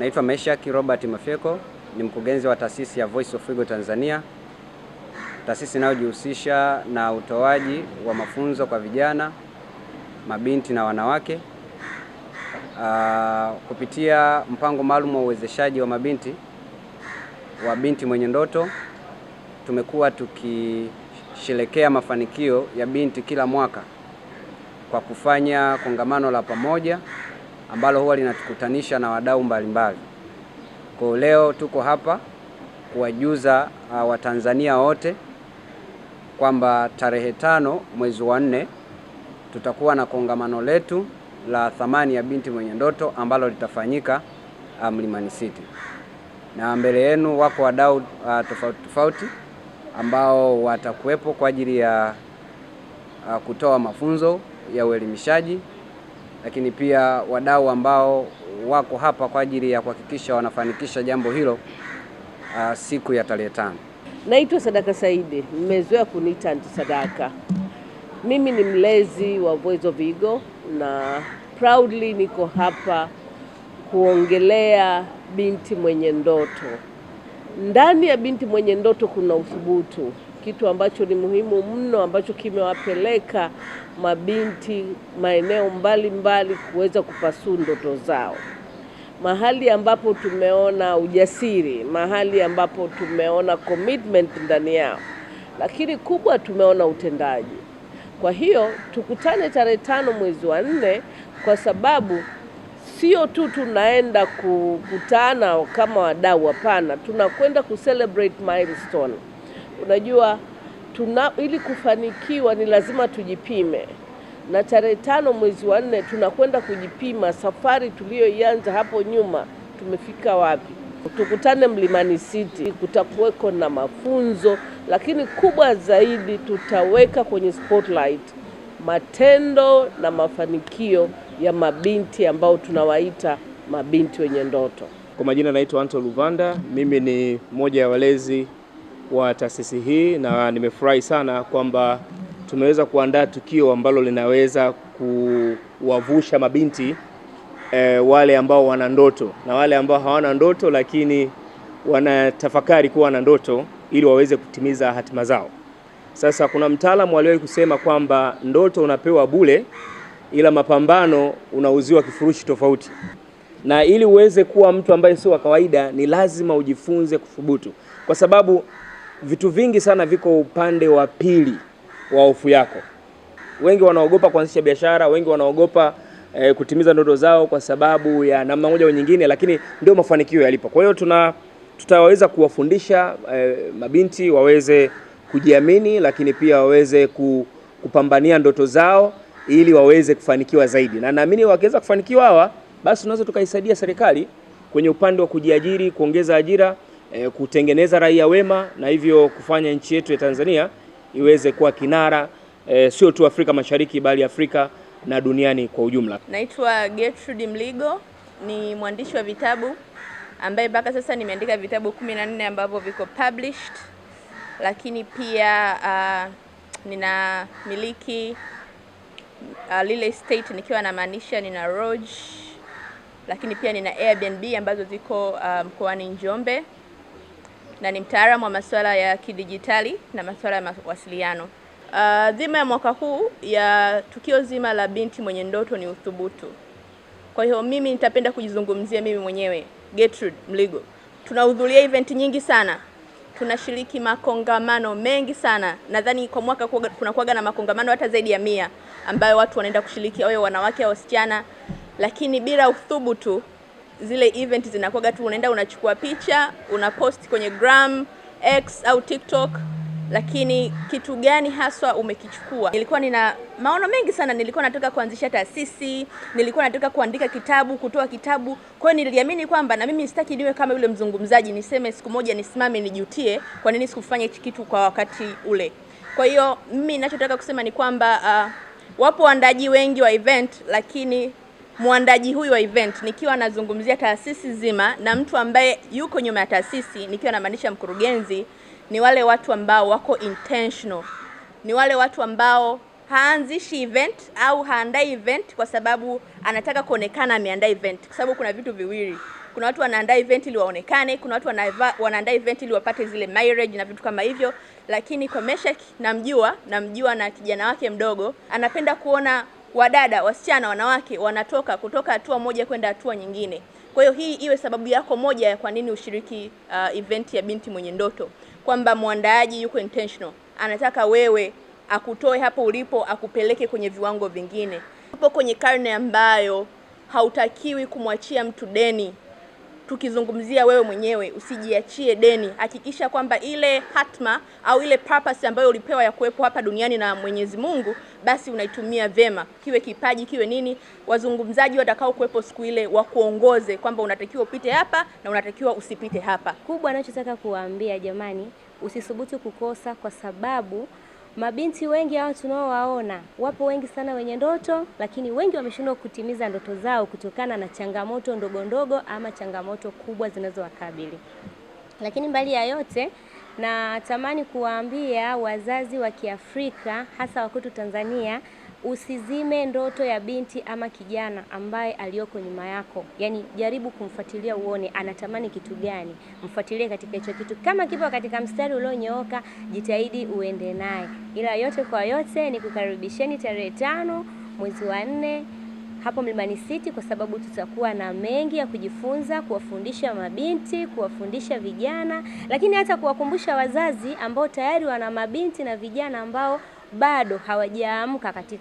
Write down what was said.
Naitwa Meshaki Robert Mafyeko, ni mkurugenzi wa taasisi ya Voice of Eagle Tanzania, taasisi inayojihusisha na utoaji wa mafunzo kwa vijana, mabinti na wanawake aa, ah, kupitia mpango maalum wa uwezeshaji wa mabinti wa binti mwenye ndoto. Tumekuwa tukisherekea mafanikio ya binti kila mwaka kwa kufanya kongamano la pamoja ambalo huwa linatukutanisha na wadau mbalimbali. Kwa leo tuko hapa kuwajuza uh, Watanzania wote kwamba tarehe tano mwezi wa nne tutakuwa na kongamano letu la thamani ya binti mwenye ndoto ambalo litafanyika ah, Mlimani City, na mbele yenu wako wadau uh, tofauti tofauti ambao watakuwepo kwa ajili ya uh, kutoa mafunzo ya uelimishaji lakini pia wadau ambao wako hapa kwa ajili ya kuhakikisha wanafanikisha jambo hilo uh, siku ya tarehe tano. Naitwa Sadaka Saidi, mmezoea kuniita Anti Sadaka. Mimi ni mlezi wa Voice of Eagle na proudly niko hapa kuongelea binti mwenye ndoto. Ndani ya binti mwenye ndoto kuna uthubutu kitu ambacho ni muhimu mno ambacho kimewapeleka mabinti maeneo mbalimbali kuweza kupasua ndoto zao, mahali ambapo tumeona ujasiri, mahali ambapo tumeona commitment ndani yao, lakini kubwa tumeona utendaji. Kwa hiyo tukutane tarehe tano mwezi wa nne kwa sababu sio tu tunaenda kukutana kama wadau, hapana, tunakwenda kucelebrate milestone. Unajua tuna, ili kufanikiwa ni lazima tujipime, na tarehe tano mwezi wa nne tunakwenda kujipima safari tuliyoianza hapo nyuma, tumefika wapi. Tukutane Mlimani City, kutakuweko na mafunzo, lakini kubwa zaidi tutaweka kwenye spotlight matendo na mafanikio ya mabinti ambao tunawaita mabinti wenye ndoto. Kwa majina naitwa Anto Luvanda, mimi ni mmoja ya walezi wa taasisi hii na nimefurahi sana kwamba tumeweza kuandaa tukio ambalo linaweza kuwavusha mabinti e, wale ambao wana ndoto na wale ambao hawana ndoto lakini wanatafakari kuwa na ndoto ili waweze kutimiza hatima zao. Sasa kuna mtaalamu aliyewahi kusema kwamba ndoto unapewa bule, ila mapambano unauziwa kifurushi tofauti. Na ili uweze kuwa mtu ambaye sio wa kawaida, ni lazima ujifunze kuthubutu, kwa sababu vitu vingi sana viko upande wa pili wa hofu yako. Wengi wanaogopa kuanzisha biashara, wengi wanaogopa e, kutimiza ndoto zao kwa sababu ya namna moja au nyingine, lakini ndio mafanikio yalipo. Kwa hiyo tuna tutaweza kuwafundisha e, mabinti waweze kujiamini, lakini pia waweze kupambania ndoto zao ili waweze kufanikiwa zaidi, na naamini wakiweza kufanikiwa hawa, basi tunaweza tukaisaidia serikali kwenye upande wa kujiajiri, kuongeza ajira e, kutengeneza raia wema na hivyo kufanya nchi yetu ya Tanzania iweze kuwa kinara e, sio tu Afrika Mashariki bali Afrika na duniani kwa ujumla. Naitwa Gertrude Mligo, ni mwandishi wa vitabu ambaye mpaka sasa nimeandika vitabu 14 ambavyo viko published, lakini pia uh, nina miliki uh, lile estate nikiwa namaanisha nina Roge, lakini pia nina Airbnb ambazo ziko mkoani um, Njombe na ni mtaalamu wa masuala ya kidijitali na masuala ya mawasiliano. Uh, dhima ya mwaka huu ya tukio zima la binti mwenye ndoto ni uthubutu. Kwa hiyo mimi nitapenda kujizungumzia mimi mwenyewe Gertrude Mligo. Tunahudhuria event nyingi sana, tunashiriki makongamano mengi sana. Nadhani kwa mwaka kunakuwaga na makongamano hata zaidi ya mia ambayo watu wanaenda kushiriki, wawe wanawake au wasichana, lakini bila uthubutu zile event zinakuwaga tu unaenda unachukua picha unapost kwenye gram X au TikTok, lakini kitu gani haswa umekichukua? Nilikuwa nina maono mengi sana, nilikuwa nataka kuanzisha taasisi, nilikuwa nataka kuandika kitabu, kutoa kitabu. Kwa hiyo niliamini kwamba na mimi sitaki niwe kama yule mzungumzaji, niseme siku moja nisimame nijutie kwa nini sikufanya hichi kitu kwa wakati ule. Kwa hiyo mimi ninachotaka kusema ni kwamba uh, wapo waandaji wengi wa event, lakini mwandaji huyu wa event, nikiwa nazungumzia taasisi zima na mtu ambaye yuko nyuma ya taasisi, nikiwa namaanisha mkurugenzi, ni wale watu ambao wako intentional, ni wale watu ambao haanzishi event au haandai event kwa sababu anataka kuonekana ameandaa event, kwa sababu kuna vitu viwili kuna watu wanaandaa event ili waonekane, kuna watu wanaandaa event ili wapate zile mileage na vitu kama hivyo. Lakini kwa Meshack namjua, namjua na kijana wake mdogo, anapenda kuona wadada, wasichana, wanawake wanatoka kutoka hatua moja kwenda hatua nyingine. Kwa hiyo hii iwe sababu yako moja ya kwa nini ushiriki uh, event ya binti mwenye ndoto, kwamba mwandaaji yuko intentional, anataka wewe akutoe hapo ulipo akupeleke kwenye viwango vingine. Upo kwenye karne ambayo hautakiwi kumwachia mtu deni tukizungumzia wewe mwenyewe, usijiachie deni. Hakikisha kwamba ile hatma au ile purpose ambayo ulipewa ya kuwepo hapa duniani na Mwenyezi Mungu, basi unaitumia vema, kiwe kipaji, kiwe nini. Wazungumzaji watakao kuwepo siku ile wakuongoze kwamba unatakiwa upite hapa na unatakiwa usipite hapa. Kubwa anachotaka kuwaambia jamani, usisubutu kukosa kwa sababu Mabinti wengi hawa tunaowaona, wapo wengi sana wenye ndoto, lakini wengi wameshindwa kutimiza ndoto zao kutokana na changamoto ndogo ndogo ama changamoto kubwa zinazowakabili. Lakini mbali ya yote, natamani kuwaambia wazazi wa Kiafrika hasa wakutu Tanzania Usizime ndoto ya binti ama kijana ambaye aliyoko nyuma yako, yaani jaribu kumfuatilia uone anatamani kitu gani, mfuatilie katika hicho kitu. Kama kipo katika mstari ulionyooka, jitahidi uende naye. Ila yote kwa yote, ni kukaribisheni tarehe tano mwezi wa nne hapo Mlimani City, kwa sababu tutakuwa na mengi ya kujifunza, kuwafundisha mabinti, kuwafundisha vijana, lakini hata kuwakumbusha wazazi ambao tayari wana mabinti na vijana ambao bado hawajaamka katika